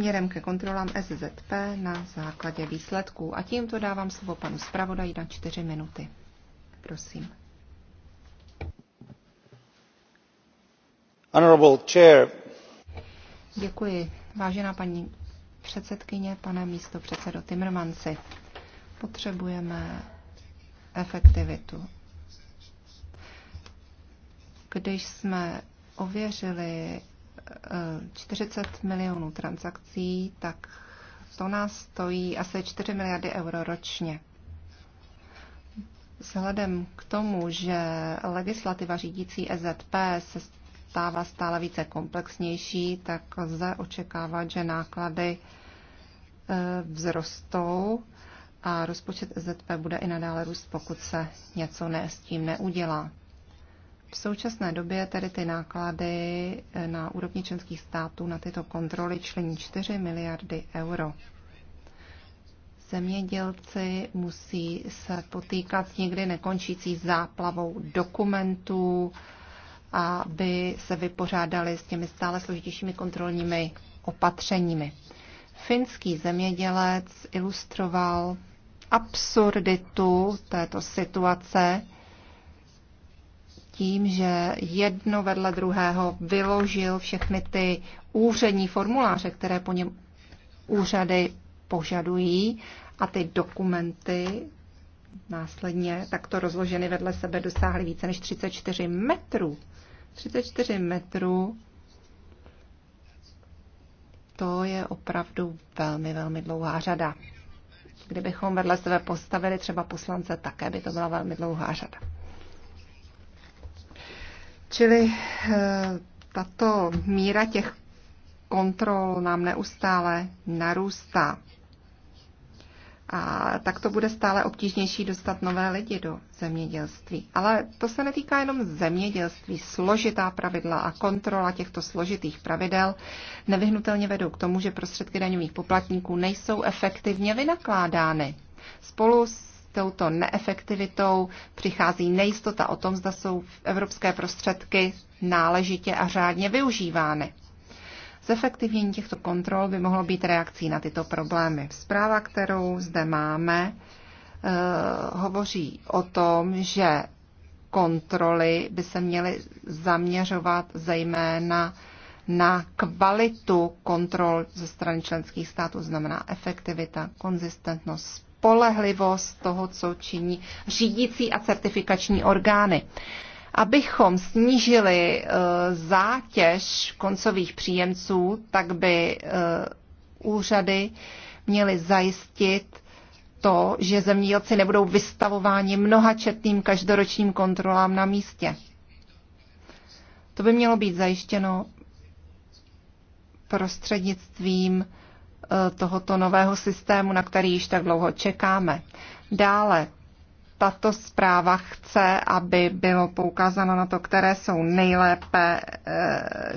směrem ke kontrolám SZP na základě výsledků. A tímto dávám slovo panu zpravodaji na čtyři minuty. Prosím. Honorable chair. Děkuji. Vážená paní předsedkyně, pane místo předsedo Timmermansi. Potřebujeme efektivitu. Když jsme ověřili 40 milionů transakcí, tak to nás stojí asi 4 miliardy euro ročně. Vzhledem k tomu, že legislativa řídící EZP se stává stále více komplexnější, tak lze očekávat, že náklady e, vzrostou a rozpočet EZP bude i nadále růst, pokud se něco ne, s tím neudělá. V současné době tedy ty náklady eh, na úrovni členských států na tyto kontroly člení 4 miliardy euro. Zemědělci musí se potýkat s někdy nekončící záplavou dokumentů, aby se vypořádali s těmi stále složitějšími kontrolními opatřeními. Finský zemědělec ilustroval absurditu této situace, tím, že jedno vedle druhého vyložil všechny ty úřední formuláře, které po něm úřady požadují a ty dokumenty následně takto rozloženy vedle sebe dosáhly více než 34 metrů. 34 metrů to je opravdu velmi, velmi dlouhá řada. Kdybychom vedle sebe postavili třeba poslance, také by to byla velmi dlouhá řada. Čili eh, tato míra těch kontrol nám neustále narůstá. A tak to bude stále obtížnější dostat nové lidi do zemědělství. Ale to se netýká jenom zemědělství. Složitá pravidla a kontrola těchto složitých pravidel nevyhnutelně vedou k tomu, že prostředky daňových poplatníků nejsou efektivně vynakládány. Spolu s touto neefektivitou přichází nejistota o tom, zda jsou evropské prostředky náležitě a řádně využívány. Zefektivnění těchto kontrol by mohlo být reakcí na tyto problémy. Zpráva, kterou zde máme, eh, hovoří o tom, že kontroly by se měly zaměřovat zejména na kvalitu kontrol ze strany členských států, znamená efektivita, konzistentnost, spolehlivost toho, co činí řídící a certifikační orgány. Abychom snížili eh, zátěž koncových příjemců, tak by eh, úřady měly zajistit to, že zemědělci nebudou vystavováni mnohačetným každoročním kontrolám na místě. To by mělo být zajištěno prostřednictvím Eh, tohoto nového systému, na který již tak dlouho čekáme. Dále tato zpráva chce, aby bylo poukázáno na to, které jsou nejlépe eh,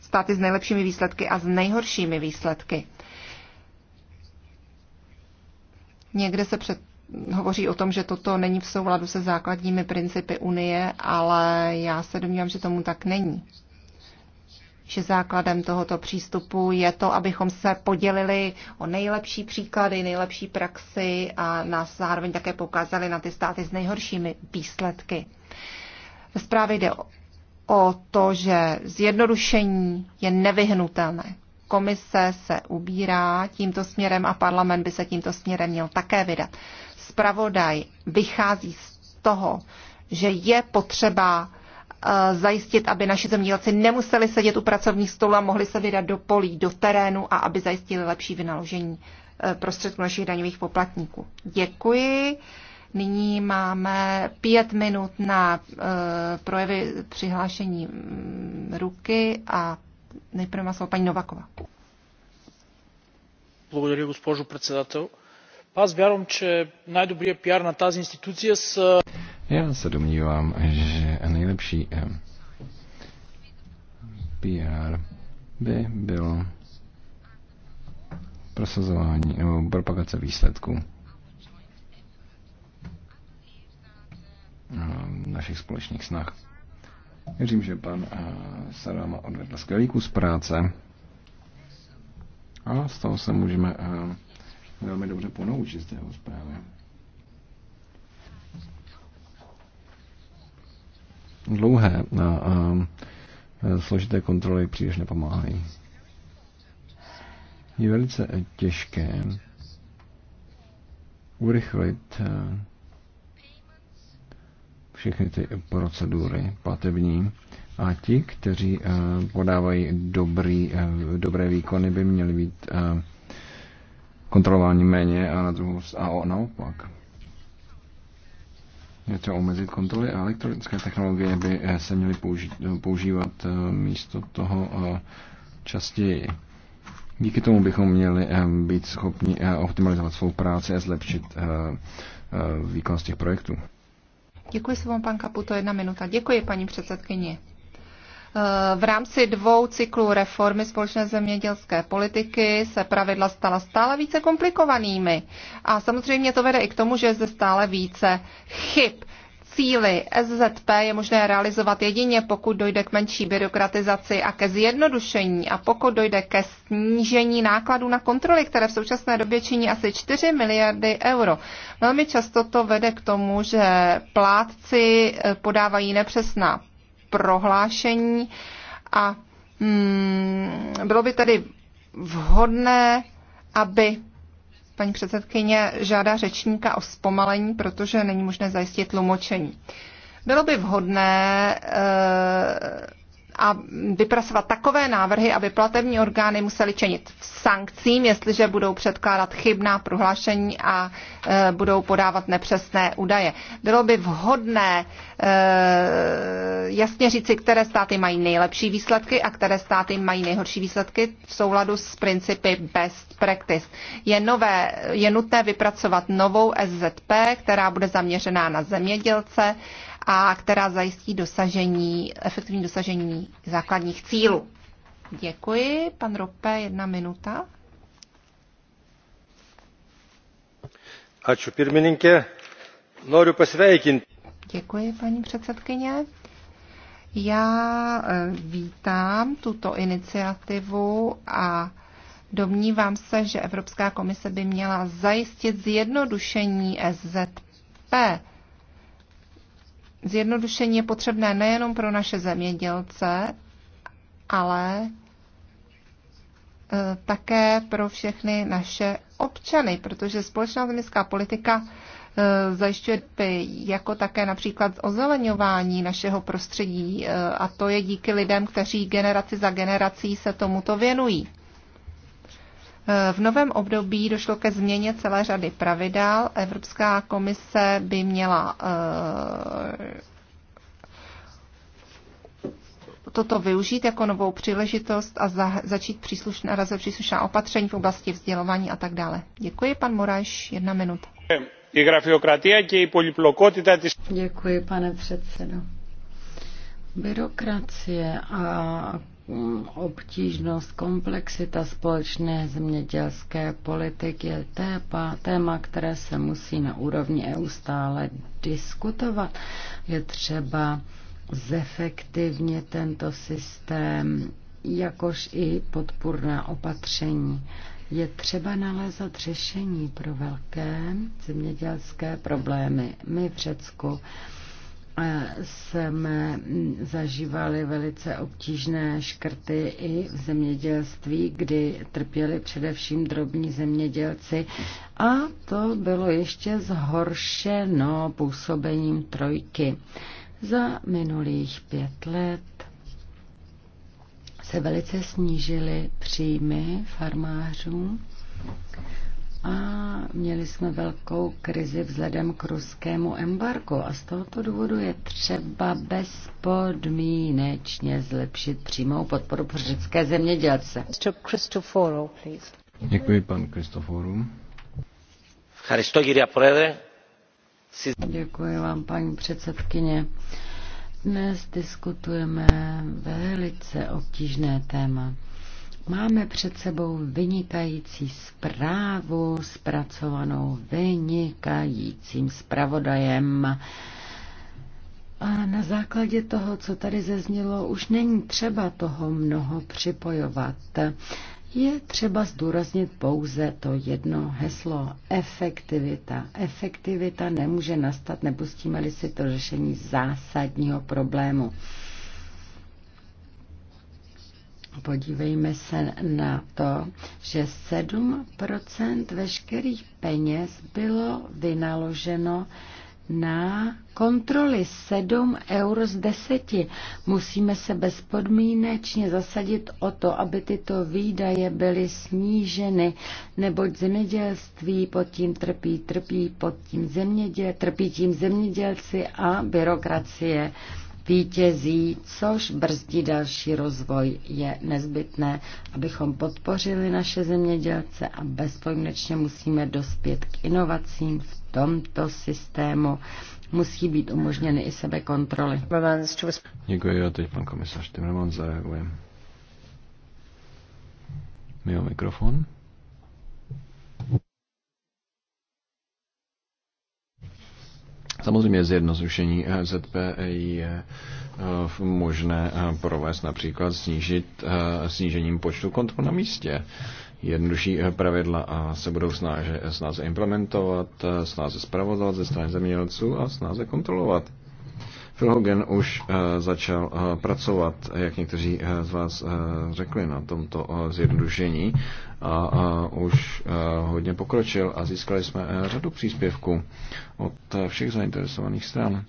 státy s nejlepšími výsledky a s nejhoršími výsledky. Někde se před, hovoří o tom, že toto není v souladu se základními principy Unie, ale já se domnívám, že tomu tak není že základem tohoto přístupu je to, abychom se podělili o nejlepší příklady, nejlepší praxi a nás zároveň také pokázali na ty státy s nejhoršími výsledky. Ve zprávě jde o to, že zjednodušení je nevyhnutelné. Komise se ubírá tímto směrem a parlament by se tímto směrem měl také vydat. Spravodaj vychází z toho, že je potřeba zajistit, aby naši zemědělci nemuseli sedět u pracovních stolů a mohli se vydat do polí, do terénu a aby zajistili lepší vynaložení eh, prostředků našich daňových poplatníků. Děkuji. Nyní máme pět minut na eh, projevy přihlášení mm, ruky a nejprve má slovo paní Novakova. Благодаря, госпожо председател. Аз вярвам, че най-добрият пиар на тази институция са já se domnívám, že nejlepší eh, PR by bylo prosazování nebo propagace výsledků eh, našich společných snah. Věřím, že pan eh, Sarama odvedl skvělý kus práce a z toho se můžeme velmi dobře ponoučit z té zprávy. dlouhé a, a složité kontroly příliš nepomáhají. Je velice těžké urychlit eh, všechny ty procedury platební a ti, kteří eh, podávají dobrý, eh, dobré výkony, by měli být kontrolováni méně a na druhou a naopak je třeba omezit kontroly a elektronické technologie by eh, se měly eh, používat eh, místo toho častěji. Díky tomu bychom měli být schopni optimalizovat svou práci a zlepšit z těch projektů. Děkuji se vám, pan Kaputo, jedna minuta. Děkuji, paní předsedkyně. Eh, v rámci dvou cyklů reformy společné zemědělské politiky se pravidla stala stále více komplikovanými. A samozřejmě to vede i k tomu, že je zde stále více chyb. Cíly SZP je možné realizovat jedině, pokud dojde k menší byrokratizaci a ke zjednodušení a pokud dojde ke snížení nákladů na kontroly, které v současné době činí asi 4 miliardy euro. Velmi často to vede k tomu, že plátci eh, podávají nepřesná prohlášení a mm, bylo by tedy vhodné, aby paní předsedkyně žádá řečníka o zpomalení, protože není možné zajistit tlumočení. Bylo by vhodné e, a vypracovat takové návrhy, aby platební orgány musely čenit sankcím, jestliže budou předkládat chybná prohlášení a e, budou podávat nepřesné údaje. Bylo by vhodné e, jasně říci, které státy mají nejlepší výsledky a které státy mají nejhorší výsledky v souladu s principy best practice. Je, nové, je nutné vypracovat novou SZP, která bude zaměřená na zemědělce a která zajistí dosažení, efektivní dosažení základních cílů. Děkuji. Pan Rope, jedna minuta. Ačiū pirmininkė. Noriu pasveikinti. Děkuji, paní předsedkyně. Já e, vítám tuto iniciativu a domnívám se, že Evropská komise by měla zajistit zjednodušení SZP. Zjednodušení je potřebné nejenom pro naše zemědělce, ale eh, také pro všechny naše občany, protože společná zemědělská politika eh, zajišťuje jako také například ozeleňování našeho prostředí eh, a to je díky lidem, kteří generaci za generací se tomuto věnují. V novém období došlo ke změně celé řady pravidel. Evropská komise by měla eh, toto využít jako novou příležitost a začít příslušná, příslušná opatření v oblasti vzdělování a tak dále. Děkuji, pan Moraš, jedna minuta. Eh, Děkuji, pane předsedo. Byrokracie a obtížnost, komplexita společné zemědělské politiky je téma, téma, které se musí na úrovni EU stále diskutovat. Je třeba zefektivně tento systém, jakož i podpůrná opatření. Je třeba nalézat řešení pro velké zemědělské problémy. My v Řecku jsme zažívali velice obtížné škrty i v zemědělství, kdy trpěli především drobní zemědělci a to bylo ještě zhoršeno působením trojky. Za minulých pět let se velice snížily příjmy farmářů a měli jsme velkou krizi vzhledem k ruskému embargu a z tohoto důvodu je třeba bezpodmínečně zlepšit přímou podporu pro řecké zemědělce. Děkuji, pan Kristoforu. Děkuji vám, paní předsedkyně. Dnes diskutujeme velice obtížné téma. Máme před sebou vynikající zprávu, zpracovanou vynikajícím zpravodajem. A na základě toho, co tady zeznělo, už není třeba toho mnoho připojovat. Je třeba zdůraznit pouze to jedno heslo – efektivita. Efektivita nemůže nastat, nepustíme-li si to řešení zásadního problému. Podívejme se na to, že 7 veškerých peněz bylo vynaloženo na kontroly 7 eur z 10. Musíme se bezpodmínečně zasadit o to, aby tyto výdaje byly sníženy, neboť zemědělství pod tím trpí, trpí pod tím zemědělci, trpí tím zemědělci a byrokracie vítězí, což brzdí další rozvoj. Je nezbytné, abychom podpořili naše zemědělce a bezpodmínečně musíme dospět k inovacím v tomto systému. Musí být umožněny i sebekontroly. Děkuji a teď pan komisař Timmermans zareaguje. Mimo mikrofon. Samozřejmě zjednodušení eh, ZP je eh, možné eh, provést například snížit, snížením počtu kontrol na místě. Jednodušší pravidla a se budou snáze, snáze implementovat, snáze zpravodovat ze strany zemědělců a snáze kontrolovat. Phil Hogan už eh, začal eh, pracovat, jak někteří eh, z vás řekli, na tomto zjednodušení a už hodně pokročil a získali jsme řadu příspěvků od všech zainteresovaných stran.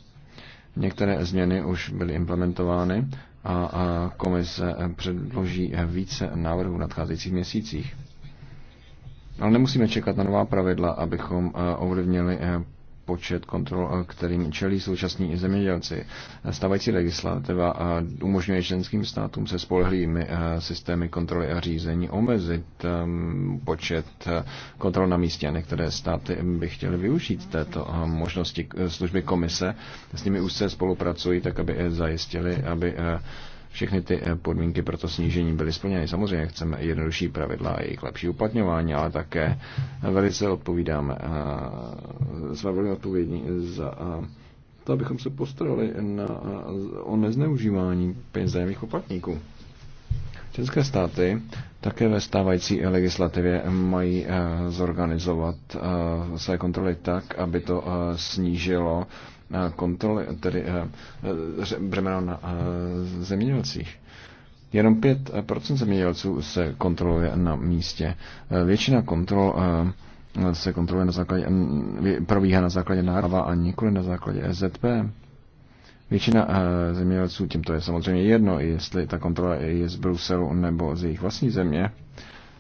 Některé změny už byly implementovány a komise předloží více návrhů v nadcházejících měsících. Ale nemusíme čekat na nová pravidla, abychom ovlivnili počet kontrol, eh, kterým čelí současní zemědělci. Stávající legislativa eh, umožňuje členským státům se spolehlivými eh, systémy kontroly a řízení omezit ehm, počet kontrol na místě. Některé státy by chtěly využít této možnosti služby komise. S nimi už se spolupracují, tak aby zajistili, aby všechny ty eh, podmínky pro to snížení byly splněny. Samozřejmě chceme jednodušší pravidla a jejich lepší uplatňování, ale také velice odpovídáme, eh, jsme velmi odpovědní za eh, to, abychom se postarali na, o nezneužívání peněz zájemných poplatníků. České státy také ve stávající legislativě mají eh, zorganizovat eh, své kontroly tak, aby to eh, snížilo kontroly, tedy břemeno na zemědělcích. Jenom 5% zemědělců se kontroluje na místě. Většina kontrol se kontroluje na základě, probíhá na základě nárava a nikoli na základě SZP. Většina eh, zemědělců, tím to je samozřejmě jedno, jestli ta kontrola je z Bruselu nebo z jejich vlastní země,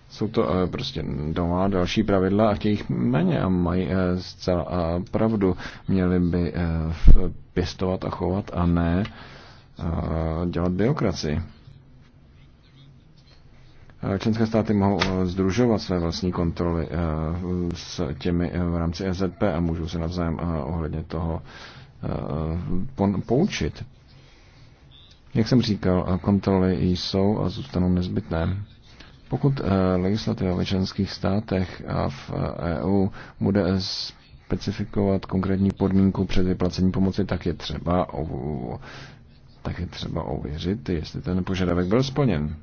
jsou to eh, prostě doma další pravidla a chtějí jich méně a mají eh, zcela pravdu. Měli by pěstovat a chovat a ne dělat byrokracii. Členské státy mohou združovat své vlastní kontroly s těmi v rámci EZP a můžou se navzájem ohledně toho Eh, poučit. Jak jsem říkal, eh, kontroly jsou a zůstanou nezbytné. Pokud eh, legislativa ve členských státech a v EU e bude specifikovat konkrétní podmínku před vyplacením pomoci, tak je třeba tak je třeba ověřit, jestli ten požadavek byl splněn.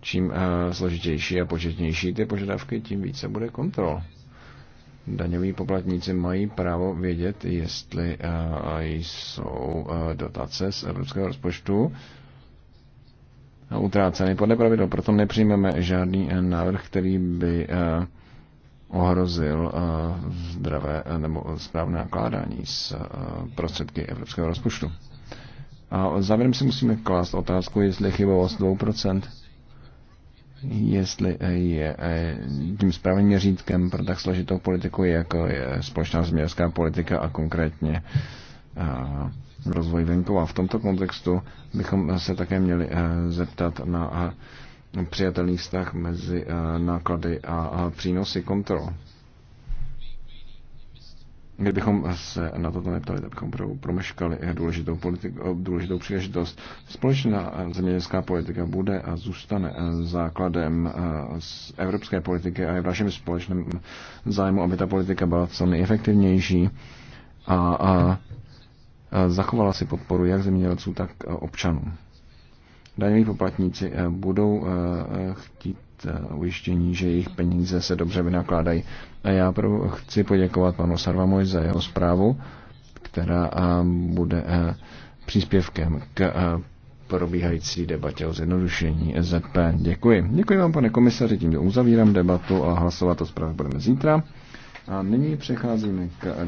Čím složitější a početnější ty požadavky, tím více bude kontrol daňoví poplatníci mají právo vědět, jestli eh, jsou eh, dotace z evropského rozpočtu utráceny podle pravidel. Proto nepřijmeme žádný eh, návrh, který by ohrozil zdravé nebo správné nakládání s prostředky evropského rozpočtu. A závěrem si musíme klást otázku, jestli chybovost 2% jestli eh, je eh, tím správným měřítkem pro tak složitou politiku, jako je společná zemědělská politika a konkrétně eh, rozvoj venkova. V tomto kontextu bychom se také měli zeptat na přijatelný vztah mezi náklady a přínosy kontrol. Kdybychom se na toto neptali, tak bychom promeškali důležitou, politiku, důležitou příležitost. Společná zemědělská politika bude a zůstane základem evropské politiky a je v našem společném zájmu, aby ta politika byla co nejefektivnější a, a zachovala si podporu jak zemědělců, tak občanů daňoví poplatníci eh, budou eh, chtít eh, ujištění, že jejich peníze se dobře vynakládají. A já chci poděkovat panu Sarvamoj za jeho zprávu, která bude příspěvkem k probíhající debatě o zjednodušení SZP. Děkuji. Děkuji vám, pane komisaři, tímto uzavírám debatu a hlasovat o zprávě budeme zítra. A nyní přecházíme k